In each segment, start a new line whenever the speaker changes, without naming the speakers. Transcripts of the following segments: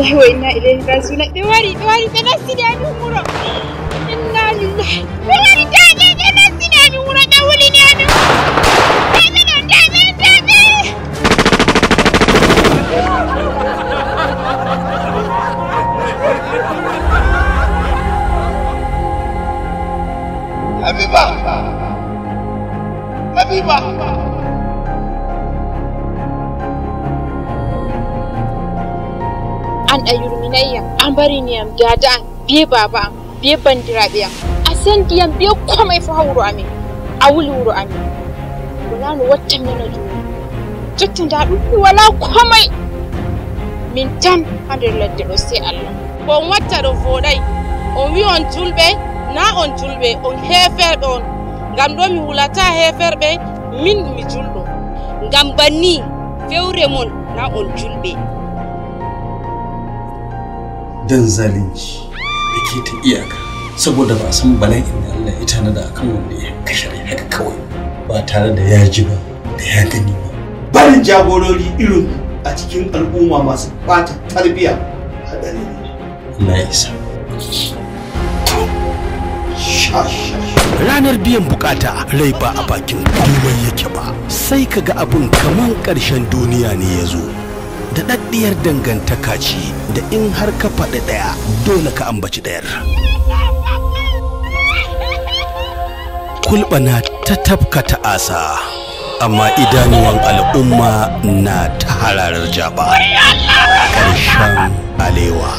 لله وإنا إليه راجعون دواري دواري تنسيني أنا أمورا إنا لله والله رجعنا تنسيني أنا أمورا دوليني أنا دائما دائما دائما
حبيبة حبيبة
an ayurminayya an bari ni am dadan be baba be bandiraɓe biya a san am biye komai fo ha wuro amin a wuli wuro amin wala no juna joni da nda ɗuɗɗi wala komai min tan ha nder ladde do sai allah ko n watta ɗo voɗay on wi on julɓe na on julɓe on heferɓe on ngam ɗo mi hulata heferɓe min mi julɗo ngam banni fewre mon na on julɓe
don zalunci da ke ta iyaka saboda ba san bala'in da Allah ya tanada akan wanda ya kashe rai haka kawai ba tare da ya ba da ya gani ba barin jagorori irin a cikin al'umma masu bata tarbiyya a dare ne Allah ya isa Ranar biyan bukata rai ba a bakin komai yake ba sai ka ga abun kaman ƙarshen duniya ne ya zo. da daddiyar dangantaka ce da in har ka faɗi ɗaya dole ka ambaci ɗayar. Kulɓana ta tafka asa amma idanuwan al'umma na ta hararar jaba. Ƙarshen alewa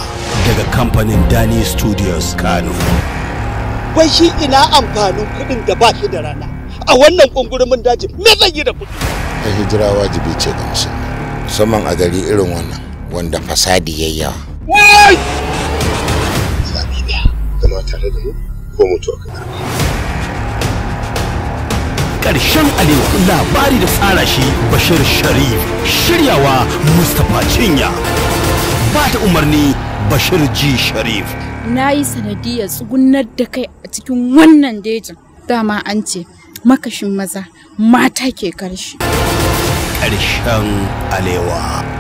daga kamfanin Dani Studios Kano. Wai shi ina amfanin kuɗin da ba shi da rana a wannan ƙungurumin daji me zan yi da kuɗi? Hijira wajibi ce ga musulmi. musamman a gari irin wannan wanda fasadi ya yawa. Ƙarshen Aliyu labari da tsara shi Bashir Sharif shiryawa Mustapha Cinya ba ta umarni Bashir G Sharif.
Na yi sanadiyar tsugunar da kai a cikin wannan dejin dama an ce makashin maza mata ke karshe.
ƙarshen alewa